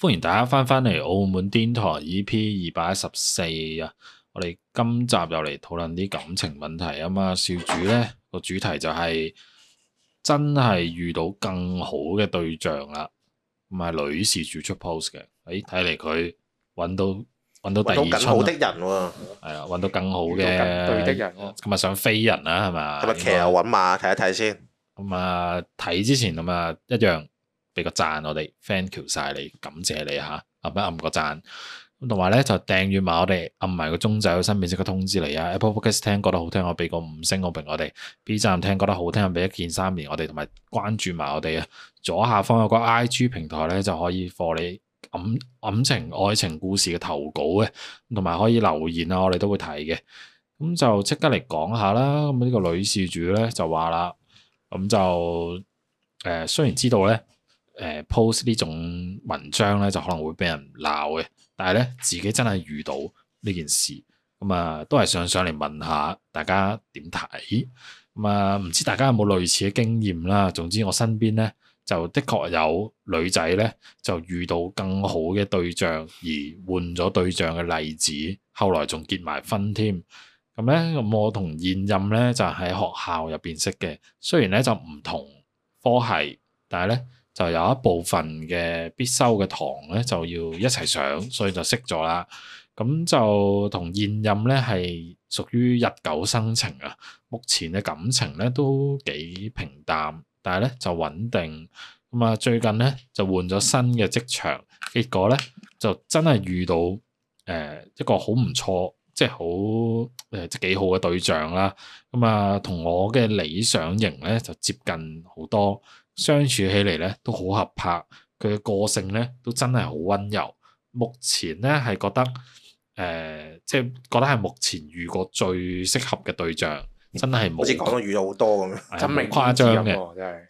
歡迎大家翻返嚟澳門癲台 EP 二百一十四啊！我哋今集又嚟討論啲感情問題啊嘛，少、嗯、主咧個主題就係、是、真係遇到更好嘅對象啦，唔、嗯、係女事主做出 post 嘅，誒睇嚟佢搵到搵到第二春，搵到、啊嗯嗯、到更好的人喎，係啊，搵到更好嘅對的人咁啊、嗯、想飛人啊，係嘛，係咪騎牛搵馬睇一睇先，咁啊睇之前咁啊、嗯、一樣。俾個讚我哋，thank you 晒你，感謝你吓，撳、啊、一撳個讚，咁同埋咧就訂閱埋我哋，撳埋個鐘仔，有新片即刻通知你啊！Apple Podcast 聽覺得好聽，我俾個五星好評我哋；B 站聽覺得好聽，俾一件三連我哋，同埋關注埋我哋啊！左下方有個 IG 平台咧，就可以放你暗，暗情愛情故事嘅投稿嘅，同埋可以留言啊，我哋都會睇嘅。咁就即刻嚟講下啦。咁呢個女事主咧就話啦，咁就誒、呃，雖然知道咧。post 呢種文章咧，就可能會俾人鬧嘅。但係咧，自己真係遇到呢件事咁啊、嗯，都係想上嚟問下大家點睇咁啊。唔、嗯、知大家有冇類似嘅經驗啦？總之我身邊咧就的確有女仔咧就遇到更好嘅對象而換咗對象嘅例子，後來仲結埋婚添咁咧。咁、嗯嗯、我同現任咧就喺、是、學校入邊識嘅，雖然咧就唔同科系，但係咧，就有一部分嘅必修嘅堂咧，就要一齊上，所以就識咗啦。咁就同現任咧係屬於日久生情啊。目前嘅感情咧都幾平淡，但係咧就穩定。咁啊，最近咧就換咗新嘅職場，結果咧就真係遇到誒、呃、一個好唔錯，即係好誒幾好嘅對象啦。咁啊，同我嘅理想型咧就接近好多。相處起嚟咧都好合拍，佢嘅個性咧都真係好溫柔。目前咧係覺得誒，即、呃、係、就是、覺得係目前遇過最適合嘅對象，真係冇。好似講到遇到好多咁樣，誇張嘅真係。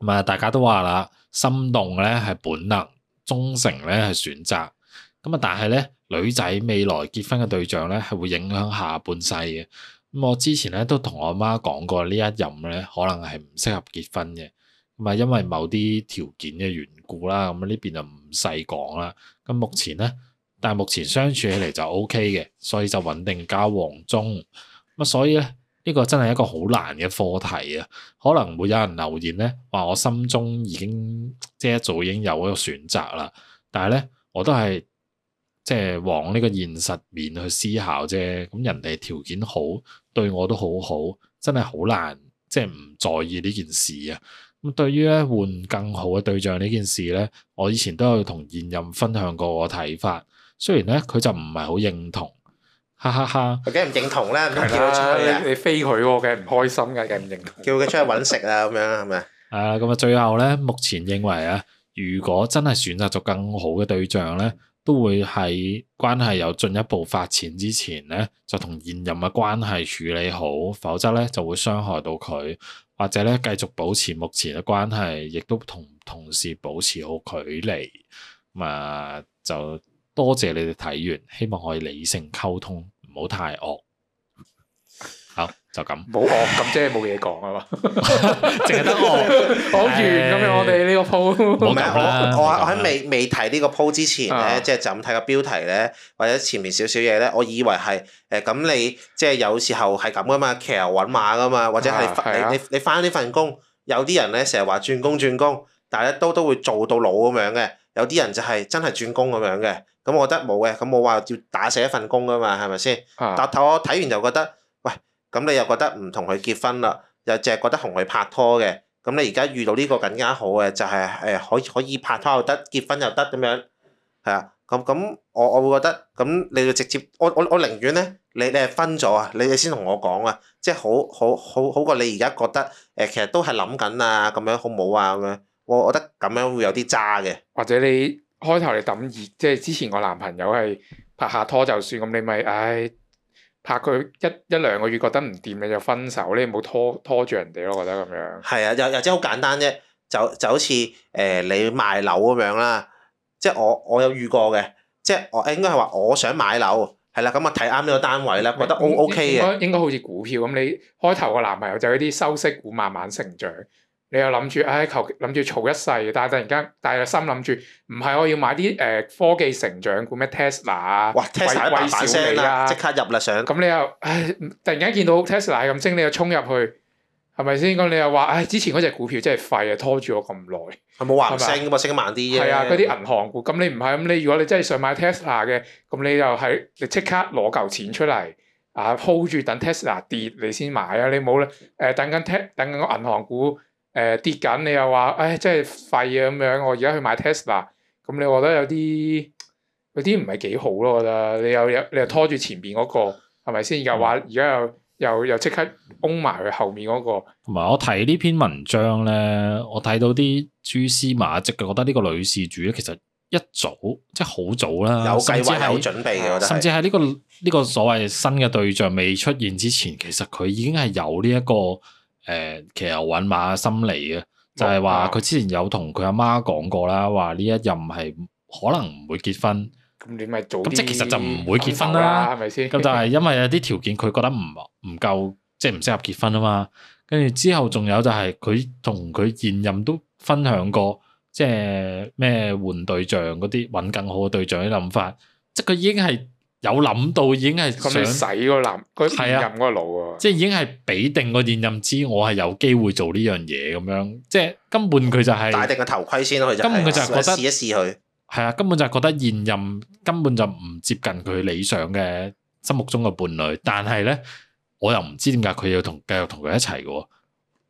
唔係，大家都話啦，心動咧係本能，忠誠咧係選擇。咁啊，但係咧女仔未來結婚嘅對象咧係會影響下半世嘅。咁我之前咧都同我媽講過，呢一任咧可能係唔適合結婚嘅。唔係因為某啲條件嘅緣故啦，咁呢邊就唔細講啦。咁目前呢，但係目前相處起嚟就 OK 嘅，所以就穩定交往中。咁所以咧，呢個真係一個好難嘅課題啊！可能會有人留言呢，話我心中已經即係一早已經有嗰個選擇啦。但係呢，我都係即係往呢個現實面去思考啫。咁人哋條件好，對我都好好，真係好難即係唔在意呢件事啊！咁對於咧換更好嘅對象呢件事咧，我以前都有同現任分享過我睇法，雖然咧佢就唔係好認同，哈哈哈。梗係唔認同啦，你飛佢，佢係唔開心嘅，佢係唔認同。 叫佢出去搵食 啊，咁樣係咪？係啊，咁啊，最後咧，目前認為啊，如果真係選擇咗更好嘅對象咧，都會喺關係有進一步發展之前咧，就同現任嘅關係處理好，否則咧就會傷害到佢。或者呢，繼續保持目前嘅關係，亦都同同事保持好距離。咁啊，就多謝你哋睇完，希望可以理性溝通，唔好太惡。就咁，冇惡咁 即係冇嘢講啊嘛，淨係得我講完咁樣， 的欸、我哋呢個鋪。 我我我喺未未睇呢個鋪之前咧，即係、啊、就咁睇個標題咧，或者前面少少嘢咧，我以為係誒咁你即係、就是、有時候係咁噶嘛，騎牛揾馬噶嘛，或者係你、啊啊、你返呢份工，有啲人咧成日話轉工轉工，但係都都會做到老咁樣嘅，有啲人就係真係轉工咁樣嘅。咁我覺得冇嘅，咁我話要打死一份工噶嘛，係咪先？但係我睇完就覺得。咁你又覺得唔同佢結婚啦，又淨係覺得同佢拍拖嘅，咁你而家遇到呢個更加好嘅，就係、是、誒可以可以拍拖又得，結婚又得咁樣，係啊，咁咁我我會覺得，咁你就直接，我我我寧願咧，你你係分咗啊，你你先同我講啊，即係好好好好，好過你而家覺得，誒、呃、其實都係諗緊啊，咁樣好唔好啊咁樣，我我覺得咁樣會有啲渣嘅。或者你開頭你抌二，即係之前我男朋友係拍下拖就算，咁你咪唉。哎拍佢一一兩個月，覺得唔掂，你就分手，你唔好拖拖住人哋咯，我覺得咁樣。係啊，又又即係好簡單啫，就就好似誒、呃、你賣樓咁樣啦，即係我我有遇過嘅，即係我應該係話我想買樓，係啦、啊，咁啊睇啱呢個單位啦，覺得 O O K 嘅。應該好似股票咁，你開頭個男朋友就係啲收息股，慢慢成長。你又諗住，唉，求諗住嘈一世，但係突然間，但係心諗住唔係，我要買啲誒、呃、科技成長股咩 Tesla 賣啊？哇即刻入啦，想咁你又唉，突然間見到 Tesla 咁升，你又衝入去，係咪先？咁你又話，唉，之前嗰隻股票真係廢是是啊，拖住我咁耐，係冇話升噶嘛，升得慢啲啫。係啊，嗰啲銀行股，咁你唔係咁你，如果你真係想買 Tesla 嘅，咁你就係你即刻攞嚿錢出嚟，啊，hold 住等 Tesla 跌你先買啊！你冇咧，誒、啊啊，等緊 Tesla，等緊個銀行股。誒、呃、跌緊，你又話，唉、哎，真係廢啊咁樣。我而家去買 Tesla，咁你覺得有啲有啲唔係幾好咯？我覺得你又有你又拖住前面嗰、那個，係咪先？又話而家又又又即刻擁埋佢後面嗰、那個。同埋我睇呢篇文章咧，我睇到啲蛛絲馬跡，覺得呢個女事主咧其實一早即係好早啦，有計劃甚至係準備，我覺得甚至係呢、這個呢、這個所謂的新嘅對象未出現之前，其實佢已經係有呢、這、一個。誒，其實我揾馬心嚟嘅，就係話佢之前有同佢阿媽講過啦，話呢一任係可能唔會結婚。咁你咪早咁即係其實就唔會結婚啦，係咪先？咁 就係因為有啲條件，佢覺得唔唔夠，即係唔適合結婚啊嘛。跟住之後仲有就係佢同佢現任都分享過，即係咩換對象嗰啲，揾更好嘅對象嘅諗法。即係佢已經係。有諗到已經係想洗嗰男，佢現任嗰個腦，即係已經係俾定個現任知我係有機會做呢樣嘢咁樣，即係根本佢就係、是、戴定個頭盔先，佢就根本佢就係覺得試一試佢係啊，根本就係覺得現任根本就唔接近佢理想嘅心目中嘅伴侶，但係咧我又唔知點解佢要同繼續同佢一齊嘅，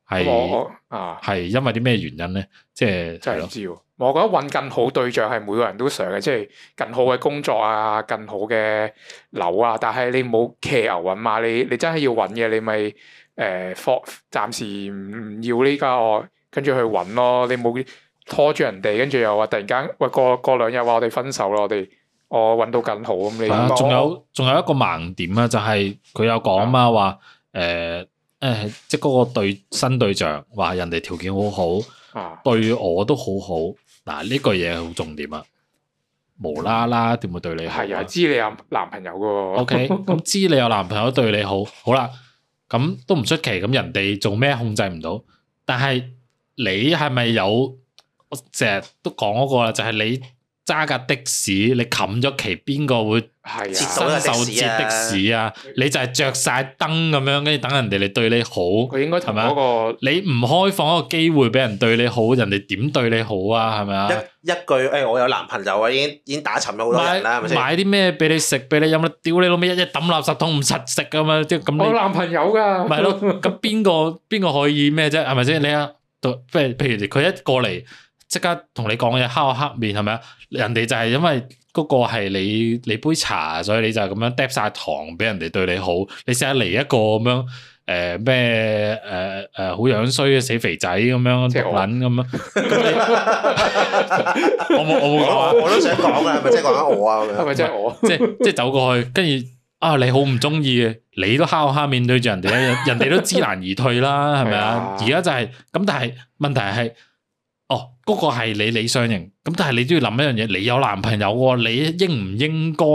係啊係因為啲咩原因咧？即係真係唔知。我覺得揾更好對象係每個人都想嘅，即係更好嘅工作啊，更好嘅樓啊。但係你冇騎牛揾馬？你你真係要揾嘅，你咪誒放暫時唔要呢家我，跟住去揾咯。你冇拖住人哋，跟住又話突然間喂、哎、過過兩日話我哋分手啦！我哋我揾到更好咁。你仲、啊、有仲我有一個盲點啊，就係、是、佢有講啊嘛，話誒誒，即係嗰個對新對象話人哋條件好好，對我都好好。嗱，呢個嘢好重點啊！無啦啦點會對你好？係啊，知你有男朋友嘅喎。OK，咁知你有男朋友對你好，好啦。咁都唔出奇。咁人哋做咩控制唔到？但係你係咪有？我成日都講嗰個啦，就係你。揸架的士，你冚咗旗，邊個會？係啊，接受？接受截的士啊！你就係着晒燈咁樣，跟住等人哋嚟對你好。佢應該係咪個、嗯？你唔開放一個機會俾人對你好，人哋點對你好啊？係咪啊？一一句誒、哎，我有男朋友啊，已經已經打沉咗好多人啦，係咪先？買啲咩俾你食，俾你飲啦，屌你老味，一日抌垃圾桶唔實食噶嘛？即係咁。我有男朋友噶。係咯 咁邊個邊個可以咩啫？係咪先？你啊，即係譬如佢一過嚟。即刻同你講嘢，敲黑面，係咪啊？人哋就係因為嗰個係你你杯茶，所以你就咁樣嗒晒糖俾人哋對你好。你成日嚟一個咁樣誒咩誒誒好樣衰嘅死肥仔咁樣搵咁樣。我冇我冇講，我都想講嘅係咪即係講緊我啊？係咪即係我？即係即係走過去，跟住啊你好唔中意嘅，你都敲黑面對住人哋咧，人哋都知難而退啦，係咪啊？而家就係咁，但係問題係。哦，嗰、那個係你理想型。咁但係你都要諗一樣嘢，你有男朋友喎、哦，你應唔應該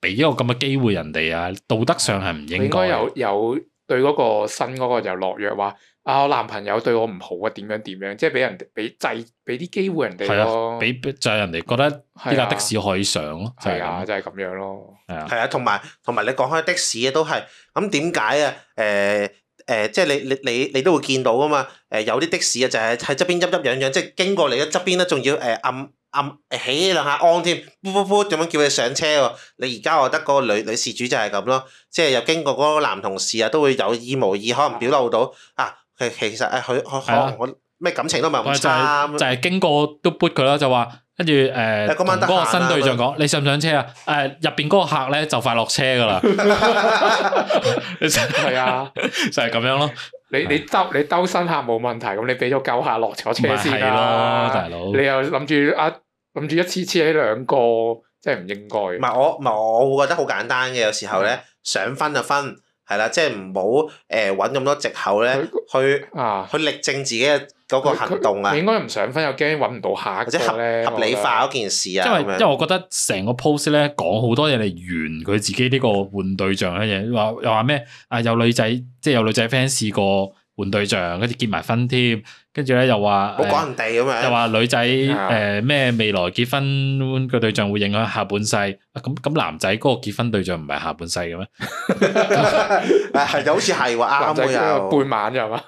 俾一個咁嘅機會人哋啊？道德上係唔應該，應該有。有有對嗰個新嗰個又落藥話啊，我男朋友對我唔好啊，點樣點樣，即係俾人哋俾制俾啲機會人哋咯、哦。係俾就係人哋覺得呢架的士可以上咯。係啊，啊，就係、是、咁樣咯。係啊，同埋同埋你講開的士都係，咁點解啊？誒、呃。誒、呃，即係你你你你都會見到噶嘛？誒、呃，有啲的士啊，就係喺側邊噏噏嚷嚷，即係經過你嘅側邊咧，仲要誒暗暗起兩下按添，噗噗噗，噉樣叫你上車喎。你而家我覺得嗰個女女事主就係咁咯，即係又經過嗰個男同事啊，都會有意無意可能表露到啊，其其實誒佢佢可能我。啊咩感情都唔咪爭，就係經過都撥佢啦，就話、呃、跟住誒同嗰個新對象講，啊、你上唔上車啊？誒入邊嗰個客咧就快落車噶啦，係啊，就係咁樣咯。你你兜你兜新客冇問題，咁你俾咗舊客落咗車先啦、啊，大佬。你又諗住啊諗住一次次起兩個，即係唔應該。唔係我唔係我會覺得好簡單嘅，有時候咧想分就分。係啦，即係唔好誒揾咁多藉口咧，他去啊，去力證自己嘅嗰個行動啊。你應該唔想分，又驚揾唔到客，或者合合理化嗰件事啊。因為這樣 因為我覺得成個 post 咧講好多嘢嚟圓佢自己呢個換對象嘅嘢，話又話咩啊？有女仔即係有女仔 friend 試過，換對象，跟住結埋婚添，跟住咧又話，唔好講人哋咁樣，又話女仔誒咩未來結婚個對象會影響下半世，咁咁男仔嗰個結婚對象唔係下半世嘅咩？係就好似係話啱，又半晚又嘛？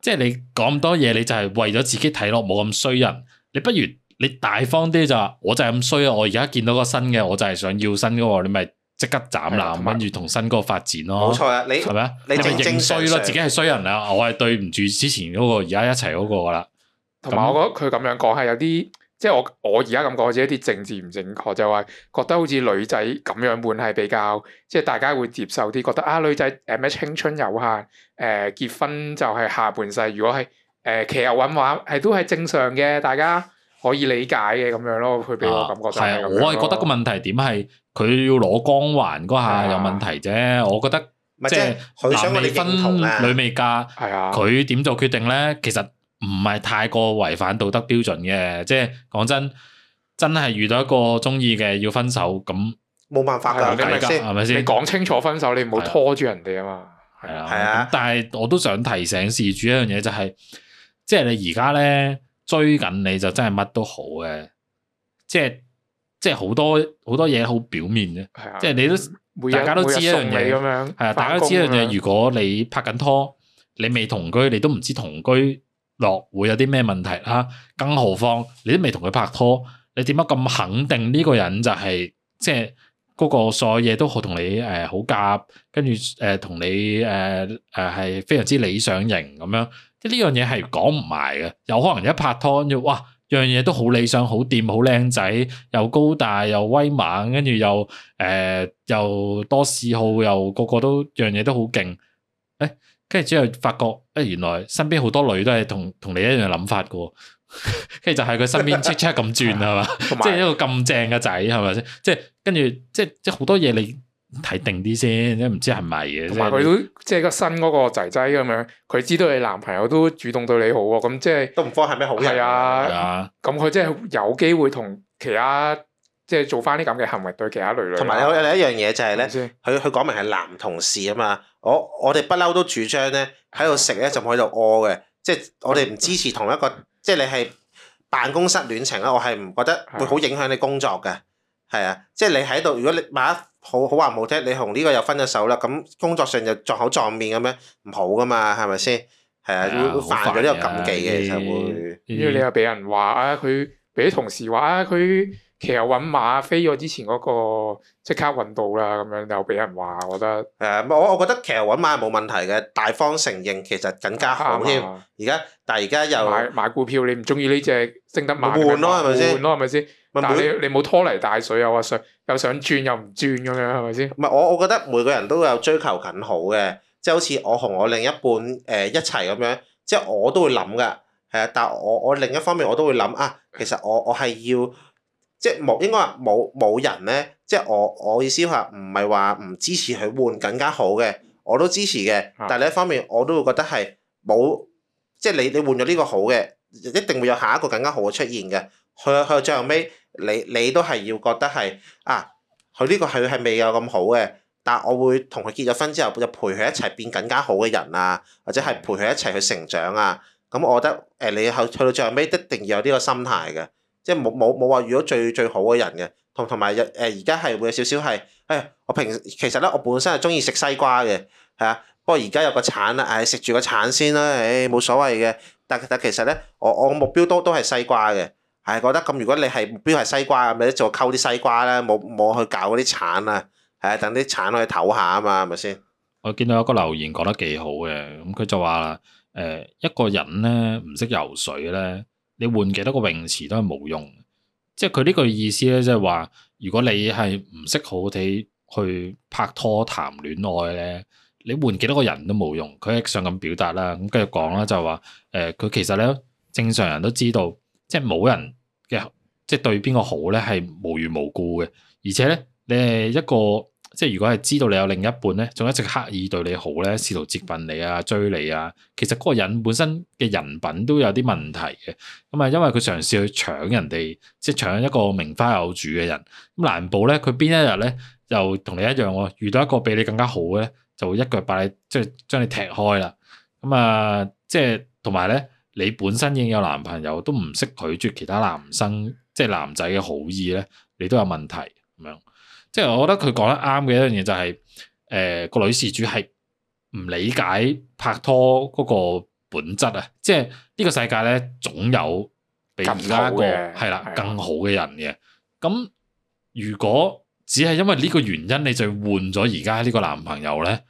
即係你講咁多嘢，你就係為咗自己睇落，冇咁衰人。你不如你大方啲就話，我就係咁衰，我而家見到個新嘅，我就係想要新嘅，你咪。即刻斬纜，跟住同新哥發展咯。冇錯啦，你係咪認衰咯？你就自己係衰人啦。我係對唔住之前嗰、嗰個，而家一齊嗰個啦。同埋我覺得佢咁樣講係有啲，即、就、係、是、我我而家咁講，只係一啲政治唔正確，就話、是、覺得好似女仔咁樣換係比較，即係大家會接受啲，覺得啊、呃、女仔誒咩青春有限，誒結婚就係下半世。如果係誒騎牛搵馬，係都係正常嘅，大家可以理解嘅咁樣咯。佢俾我感覺就係咁樣。係啊，我係覺得個問題點係。佢要攞光環嗰下有問題啫，我覺得即係男未婚女未嫁，係啊，佢點做決定咧？其實唔係太過違反道德標準嘅，即係講真，真係遇到一個中意嘅要分手咁，冇辦法嘅，係咪係咪先？你講清楚分手，你唔好拖住人哋啊嘛。係啊，係啊。但係我都想提醒事主一樣嘢，就係即係你而家咧追緊你就真係乜都好嘅，即係。即係好多好多嘢，好表面嘅，的即係你都日大家都知一樣嘢咁樣，係啊上班，大家都知一樣嘢。如果你拍緊拖，你未同居，你都唔知同居落會有啲咩問題啦。更何況你都未同佢拍拖，你點解咁肯定呢個人就係即係嗰個所有嘢都好同你誒好夾，跟住誒同你誒誒係非常之理想型咁樣。即係呢樣嘢係講唔埋嘅，有可能一拍拖就哇。樣嘢都好理想，好掂，好靚仔，又高大又威猛，跟住又誒、呃、又多嗜好，又個個都樣嘢都好勁，誒，跟住之後發覺誒，原來身邊好多女都係同同你一樣諗法噶，跟 住就係佢身邊戚戚咁轉係嘛 吧，即係一個咁正嘅仔係咪先？即係跟住即係即係好多嘢你。睇定啲先，都唔知係咪嘅。同埋佢都即係個新嗰個仔仔咁樣，佢知道你男朋友都主動對你好，咁即係都唔慌係咩好嘅。係啊，咁佢是、啊、即係有機會同其他即係做翻啲咁嘅行為對其他女女。同埋有有一樣嘢就係咧，佢佢講明係男同事啊嘛。我我哋不嬲都主張咧喺度食咧就唔喺度屙嘅，即係我哋唔支持同一個，嗯嗯、即係你係辦公室戀情啦，我係唔覺得會好影響你工作嘅。係啊，即係你喺度，如果你買得好好話唔好聽，你同呢個又分咗手啦，咁工作上就撞口撞面咁樣，唔好噶嘛，係咪先？係啊，啊會犯咗呢個禁忌嘅，嗯、其實會。因為、嗯、你又俾人話啊，佢俾同事話啊，佢騎牛揾馬飛咗之前嗰、那個，即刻揾到啦咁樣又，又俾人話，覺得。誒、呃，我我覺得騎牛揾馬係冇問題嘅，大方承認其實更加好添。而家但而家又買,買股票你馬馬，你唔中意呢隻升得慢換咯，係咪先？係係換咯，係咪先？你冇拖泥帶水啊！想又想，轉又唔轉咁樣係咪先？唔係，我我覺得每個人都有追求更好嘅，即係好似我同我另一半誒、呃、一齊咁樣，即係我都會諗㗎。係啊，但係我我另一方面我都會諗啊，其實我我係要即係冇應該話冇冇人咧，即係我我意思話唔係話唔支持佢換更加好嘅，我都支持嘅。但係另一方面我都會覺得係冇，即係你你換咗呢個好嘅，一定會有下一個更加好嘅出現嘅。去到最後尾，你你都係要覺得係啊，佢、這、呢個佢係未有咁好嘅，但我會同佢結咗婚之後就陪佢一齊變更加好嘅人啊，或者係陪佢一齊去成長啊。咁、嗯、我覺得誒、呃，你去去到最後尾一定要有呢個心態嘅，即係冇冇冇話遇到最最好嘅人嘅，同同埋日誒而家係會有少少係，誒、哎、我平其實咧我本身係中意食西瓜嘅，係啊，不過而家有個橙啦，誒食住個橙先啦，誒、哎、冇所謂嘅，但但其實咧，我我目標都都係西瓜嘅。係覺得咁，如果你係目標係西瓜咁，你做溝啲西瓜啦，冇冇去搞嗰啲橙啊？係啊，等啲橙可以唞下啊嘛，係咪先？我見到有個留言講得幾好嘅，咁佢就話誒一個人咧唔識游水咧，你換幾多個泳池都係冇用。即係佢呢句意思咧，即係話如果你係唔識好地去拍拖談戀愛咧，你換幾多個人都冇用。佢係想咁表達啦。咁繼續講啦，就話誒，佢其實咧正常人都知道。即係冇人嘅，即係對邊個好咧，係無緣無故嘅。而且咧，你係一個即係如果係知道你有另一半咧，仲一直刻意對你好咧，試圖接近你啊、追你啊，其實嗰個人本身嘅人品都有啲問題嘅。咁啊，因為佢嘗試去搶人哋，即係搶一個名花有主嘅人。咁難保咧，佢邊一日咧又同你一樣喎，遇到一個比你更加好咧，就會一腳把你即係將你踢開啦。咁啊，即係同埋咧。你本身已經有男朋友，都唔識拒絕其他男生，即係男仔嘅好意咧，你都有問題咁樣。即係我覺得佢講得啱嘅一樣嘢就係，誒，個女事主係唔理解拍拖嗰個本質啊。即係呢個世界咧，總有比而家個係啦更好嘅人嘅。咁如果只係因為呢個原因，你就換咗而家呢個男朋友咧，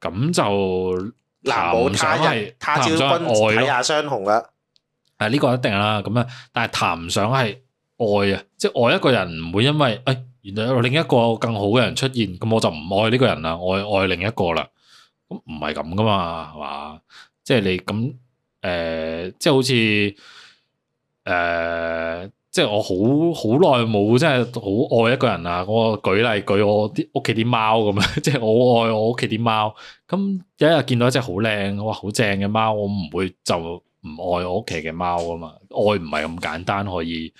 咁就。嗱，冇上係談唔上愛，看看相啊相同啦，但係呢個一定啦，咁啊，但係談唔上係愛啊，即係愛一個人唔會因為誒、哎，原來有另一個更好嘅人出現，咁我就唔愛呢個人啦，我愛，愛另一個啦，咁唔係咁噶嘛，係嘛、嗯呃，即係你咁誒，即係好似誒。即係我好好耐冇，即係好愛一個人啊！我舉例舉我啲屋企啲貓咁樣，即係我愛我屋企啲貓。咁有一日見到一隻好靚，哇好正嘅貓，我唔會就唔愛我屋企嘅貓啊嘛！愛唔係咁簡單，可以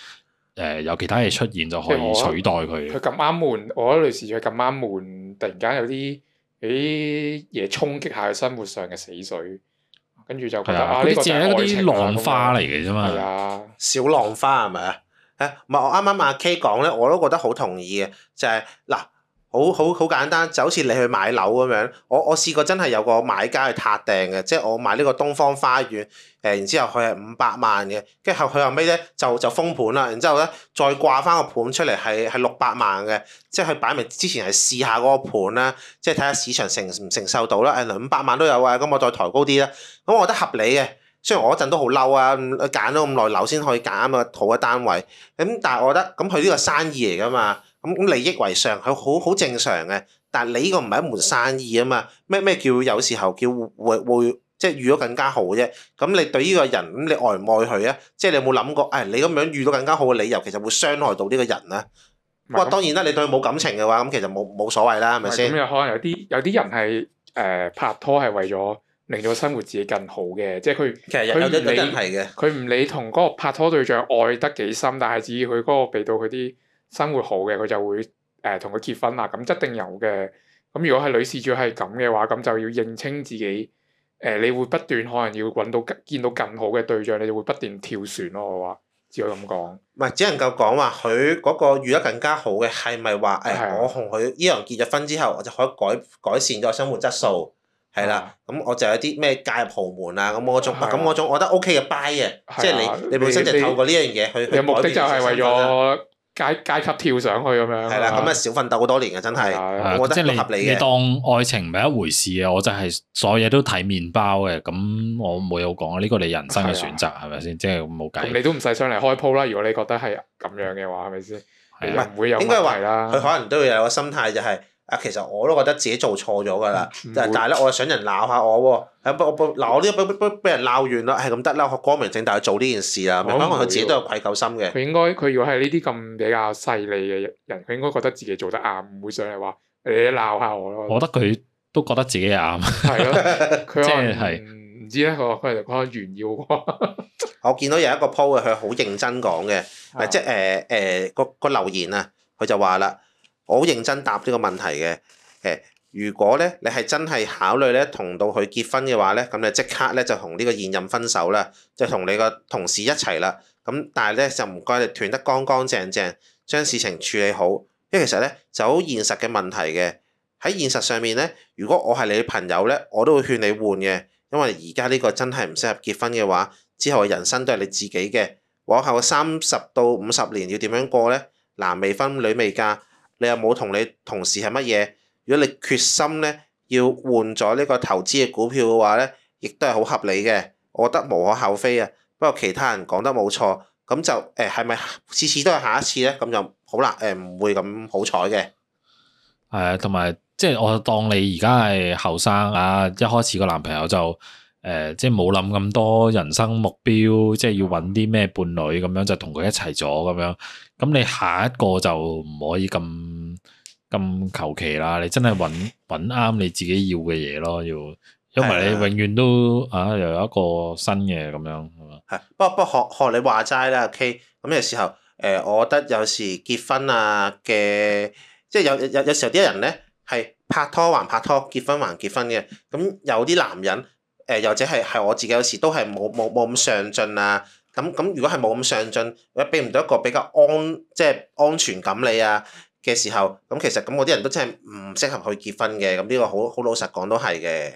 誒有、呃、其他嘢出現就可以取代佢。佢咁啱悶，我覺得類似佢咁啱悶，突然間有啲有啲嘢衝擊下佢生活上嘅死水。跟住就覺得啱，嗰啲只係嗰啲浪花嚟嘅啫嘛，啊啊、小浪花係咪啊？誒，唔係我啱啱同阿 K 講咧，我都覺得好同意嘅，就係、是、嗱。好好好簡單，就好似你去買樓咁樣。我我試過真係有個買家去撻訂嘅，即係我買呢個東方花園。誒、呃，然之後佢係五百萬嘅，跟後佢後尾咧就就封盤啦。然之後咧再掛翻個盤出嚟係係六百萬嘅，即係佢擺明之前係試下嗰個盤啦，即係睇下市場承唔承受到啦。誒，五百萬都有啊，咁、嗯、我再抬高啲啦。咁我覺得合理嘅。雖然我嗰陣都好嬲啊，揀咗咁耐樓先可以揀啊好嘅單位。咁但係我覺得咁佢呢個生意嚟噶嘛。咁利益為上，佢好好正常嘅。但係你呢個唔係一門生意啊嘛？咩咩叫有時候叫會會，會即係遇到更加好啫？咁你對呢個人咁你愛唔愛佢啊？即係你有冇諗過？誒、哎，你咁樣遇到更加好嘅理由，其實會傷害到呢個人呢。哇是！當然啦，你對佢冇感情嘅話，咁其實冇冇所謂啦，係咪先？咁又樣可能有啲有啲人係誒、呃、拍拖係為咗令到生活自己更好嘅，即係佢其實有理有啲人係嘅。佢唔理同嗰個拍拖對象愛得幾深，但係只要佢嗰個俾到佢啲。生活好嘅，佢就會誒同佢結婚啦。咁一定有嘅。咁如果係女事主係咁嘅話，咁就要認清自己誒，你會不斷可能要揾到見到更好嘅對象，你就會不斷跳船咯。我話，只可以咁講。唔係，只能夠講話佢嗰個遇得更加好嘅係咪話誒，我同佢呢樣結咗婚之後，我就可以改改善咗生活質素。係啦，咁我就有啲咩嫁入豪門啊？咁嗰種咁嗰種，我覺得 OK 嘅 buy 嘅，即係你你本身就透過呢樣嘢去目的就係為咗。階階級跳上去咁的吧樣，係啦，咁啊少奮鬥好多年呀真係，的我覺得唔合理嘅。你當愛情唔係一回事嘅，我就係所有嘢都睇麪包嘅。咁我冇有講呢個你人生嘅選擇係咪先？即係冇計。你都唔使上嚟開鋪啦。如果你覺得係咁樣嘅話，係咪先？唔的會有應該係啦。佢可能都會有個心態就係、是。啊，其實我都覺得自己做錯咗㗎啦，但係咧，我又想人鬧下我喎。啊，嗱，我呢個不俾人鬧完啦，係咁得啦，我光明正大做呢件事啦。可能佢自己都有愧疚心嘅。佢應該，佢如果係呢啲咁比較勢利嘅人，佢應該覺得自己做得啱，唔會想係話你鬧下我咯。我覺得佢都覺得自己啱。係咯，即係唔知咧，佢佢佢炫耀。我見到有一個 post，佢好認真講嘅，即係誒誒個留言啊，佢就話啦。我好認真答呢個問題嘅。如果咧你係真係考慮咧同到佢結婚嘅話咧，咁你即刻咧就同呢個現任分手啦，就同你個同事一齊啦。咁但係咧就唔該你斷得乾乾淨淨，將事情處理好。因為其實咧就好現實嘅問題嘅。喺現實上面咧，如果我係你朋友咧，我都會勸你換嘅，因為而家呢個真係唔適合結婚嘅話，之後嘅人生都係你自己嘅。往後三十到五十年要點樣過呢？男未婚女未嫁。你有冇同你同事係乜嘢？如果你決心咧要換咗呢個投資嘅股票嘅話咧，亦都係好合理嘅，我覺得無可厚非啊。不過其他人講得冇錯，咁就誒係咪次次都係下一次咧？咁就好難，誒、欸、唔會咁好彩嘅。係啊，同埋即係我當你而家係後生啊，一開始個男朋友就～誒、呃，即係冇諗咁多人生目標，即係要搵啲咩伴侶咁樣就同佢一齊咗咁樣。咁你下一個就唔可以咁咁求其啦。你真係搵搵啱你自己要嘅嘢咯，要，因為你永遠都是啊，啊又有一個新嘅咁樣係嘛。係，不過不過學學你話齋啦，K。咁、OK? 有時候誒、呃，我覺得有時結婚啊嘅，即係有有有有時候啲人咧係拍拖還拍拖，結婚還結婚嘅。咁有啲男人。誒又或者係係我自己有時都係冇冇冇咁上進啊，咁咁如果係冇咁上進，誒俾唔到一個比較安即係安全感你啊嘅時候，咁其實咁我啲人都真係唔適合去結婚嘅，咁呢個好好老實講都係嘅。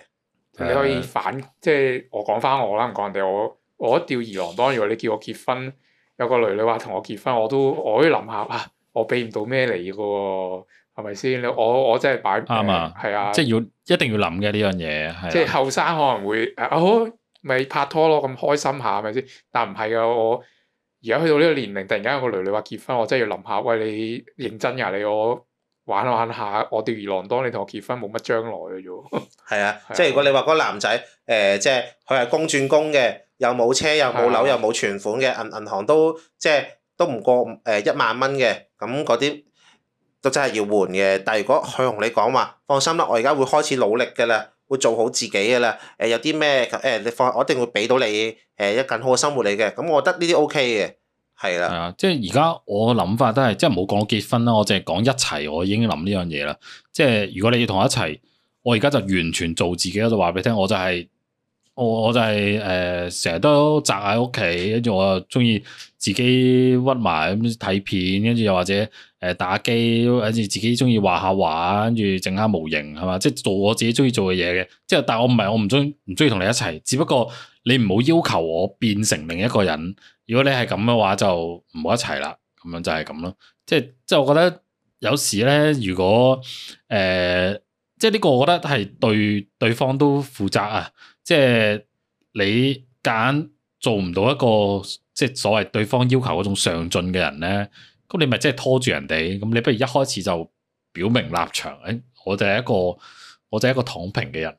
你可以反即係、就是、我講翻我啦，唔講人哋，我我一吊兒郎當，如果你叫我結婚，有個女女話同我結婚，我都我可以諗下啊，我俾唔到咩你嘅喎。係咪先？你我我真係擺，啱啊，係啊，即係要一定要諗嘅呢樣嘢，係。即係後生可能會，哦，咪拍拖咯，咁開心下，係咪先？但唔係啊。我而家去到呢個年齡，突然間有個女女話結婚，我真係要諗下。喂，你認真㗎你？我玩玩下，我吊兒郎當，你同我結婚冇乜將來嘅啫。係啊，即係如果你話嗰男仔，誒，即係佢係公轉工嘅，又冇車，又冇樓，又冇存款嘅，銀銀行都即係都唔過誒一萬蚊嘅，咁嗰啲。都真係要換嘅，但係如果佢同你講話，放心啦，我而家會開始努力㗎啦，會做好自己㗎啦。誒，有啲咩誒，你放我一定會俾到你誒一更好嘅生活你嘅。咁我覺得呢啲 O K 嘅，係啦。係啊，即係而家我諗法都係，即係唔好講結婚啦，我淨係講一齊，我已經諗呢樣嘢啦。即係如果你要同我一齊，我而家就完全做自己，我就話俾你聽，我就係、是、我我就係、是、誒，成、呃、日都宅喺屋企，跟住我又中意自己屈埋咁睇片，跟住又或者。誒，打機，跟住自己中意畫下畫，跟住整下模型，係嘛？即係做我自己中意做嘅嘢嘅。即係，但係我唔係，我唔中唔中意同你一齊。只不過你唔好要，要求我變成另一個人。如果你係咁嘅話就，就唔好一齊啦。咁樣就係咁咯。即係即係，我覺得有時咧，如果誒、呃，即係呢個，我覺得係對對方都負責啊。即係你揀做唔到一個，即係所謂對方要求嗰種上進嘅人咧。咁你咪即係拖住人哋，咁你不如一開始就表明立場，誒、哎，我就係一個，我就係一個躺平嘅人。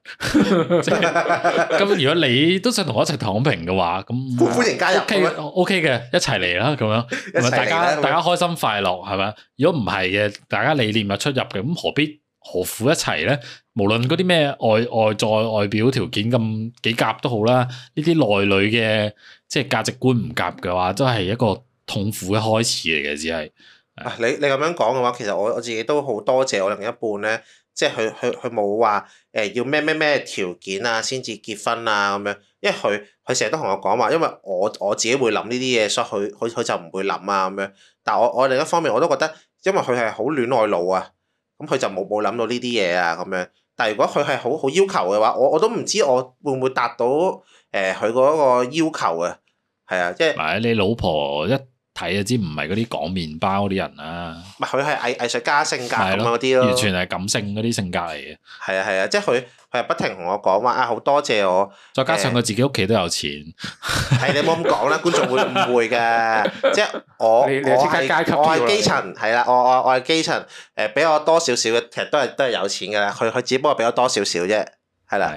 咁 如果你都想同我一齊躺平嘅話，咁、OK，歡迎加入。OK 嘅，一齊嚟啦，咁樣，大家大家開心快樂係咪？ 如果唔係嘅，大家理念又出入嘅，咁何必何苦一齊咧？無論嗰啲咩外外在外表條件咁幾夾都好啦，呢啲內裏嘅即係價值觀唔夾嘅話，都係一個。痛苦嘅開始嚟嘅，只係你你咁樣講嘅話，其實我我自己都好多謝我另一半咧，即係佢佢佢冇話誒要咩咩咩條件啊，先至結婚啊咁樣，因為佢佢成日都同我講話，因為我我自己會諗呢啲嘢，所以佢佢佢就唔會諗啊咁樣。但係我我另一方面我都覺得，因為佢係好戀愛腦啊，咁、嗯、佢就冇冇諗到呢啲嘢啊咁樣。但係如果佢係好好要求嘅話，我我都唔知我會唔會達到誒佢嗰個要求嘅、啊，係啊，即係。你老婆一。睇就知唔係嗰啲講麪包嗰啲人啦。唔係佢係藝藝術家性格咁嗰啲咯，完全係感性嗰啲性格嚟嘅。係啊係啊，即係佢佢不停同我講話啊好多謝我。再加上佢自己屋企都有錢。係你冇咁講啦，觀眾會誤會嘅。即係我我係階級，我係基層係啦。我我我係基層誒，比我多少少嘅，其實都係都係有錢㗎啦。佢佢只不過比我多少少啫，係啦。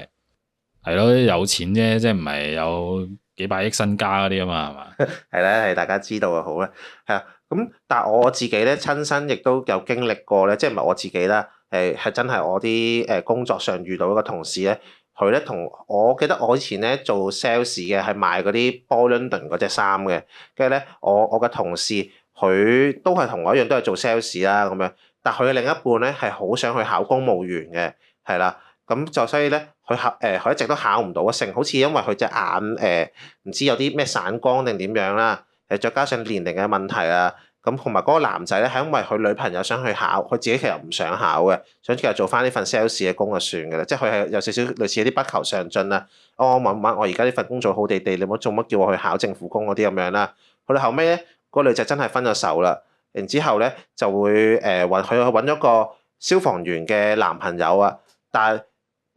係咯，有錢啫，即係唔係有。幾百億身家嗰啲啊嘛，係嘛？係咧， 係大家知道就好咧。係啊，咁但係我自己咧，親身亦都有經歷過咧，即係唔係我自己啦？誒係真係我啲誒工作上遇到一個同事咧，佢咧同我記得我以前咧做 sales 嘅，係賣嗰啲 Balmain 嗰隻衫嘅。跟住咧，我我嘅同事佢都係同我一樣，都係做 sales 啦咁樣。但係佢嘅另一半咧係好想去考公務員嘅，係啦。咁就所以咧。佢考誒，佢一直都考唔到啊，成好似因為佢隻眼誒唔、呃、知有啲咩散光定點樣啦，誒再加上年齡嘅問題啊，咁同埋嗰個男仔咧，係因為佢女朋友想去考，佢自己其實唔想考嘅，想其實做翻呢份 sales 嘅工就算嘅啦，即係佢係有少少類似啲不求上進啊，哦、問問我我慢我而家呢份工作好地地，你冇做乜叫我去考政府工嗰啲咁樣啦。去到後尾咧，嗰女仔真係分咗手啦，然之後咧就會誒揾佢揾咗個消防員嘅男朋友啊，但係。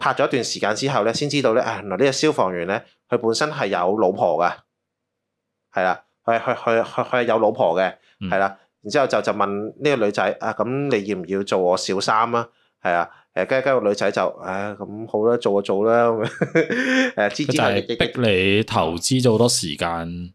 拍咗一段時間之後咧，先知道咧，唉，原來呢個消防員咧，佢本身係有老婆噶，係啦，佢佢佢佢係有老婆嘅，係啦。然之後就就問呢個女仔啊，咁你要唔要做我小三啊？係啊，誒，跟住個女仔就，唉，咁好啦，做就做啦，誒，知知。就係逼你投資咗好多時間，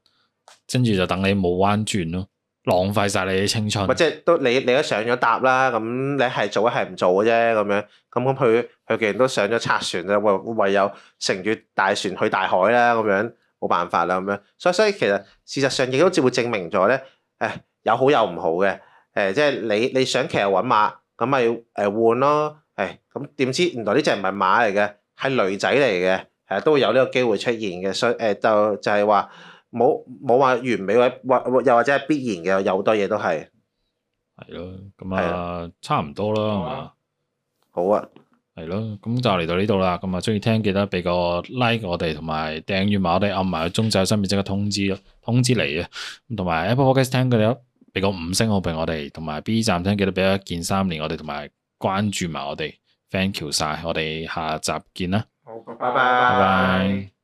跟住就等你冇彎轉咯。浪費晒你啲青春，或者都你你都上咗搭啦，咁你係做啊，係唔做嘅啫咁樣，咁咁佢佢既然都上咗賊船啦，唯唯有乘住大船去大海啦，咁樣冇辦法啦咁樣，所以所以其實事實上亦都只會證明咗咧，誒有好有唔好嘅，誒即係你你想騎驢揾馬，咁咪誒換咯，誒咁點知原來呢隻唔係馬嚟嘅，係驢仔嚟嘅，係都會有呢個機會出現嘅，所以誒就就係話。冇冇話完美或或又或者係必然嘅，有好多嘢都係。係咯，咁啊差唔多啦，係嘛？好啊。係咯，咁就嚟到呢度啦。咁啊，中意聽記得俾個 like 我哋，同埋訂閲埋我哋，按埋鐘仔，方便即刻通知通知你啊。咁同埋 Apple Podcast 聽佢哋，俾個五星好評俾我哋。同埋 B 站聽記得俾一鍵三連我哋，同埋關注埋我哋 thank you 晒，我哋下集見啦。好，拜拜。拜拜。拜拜。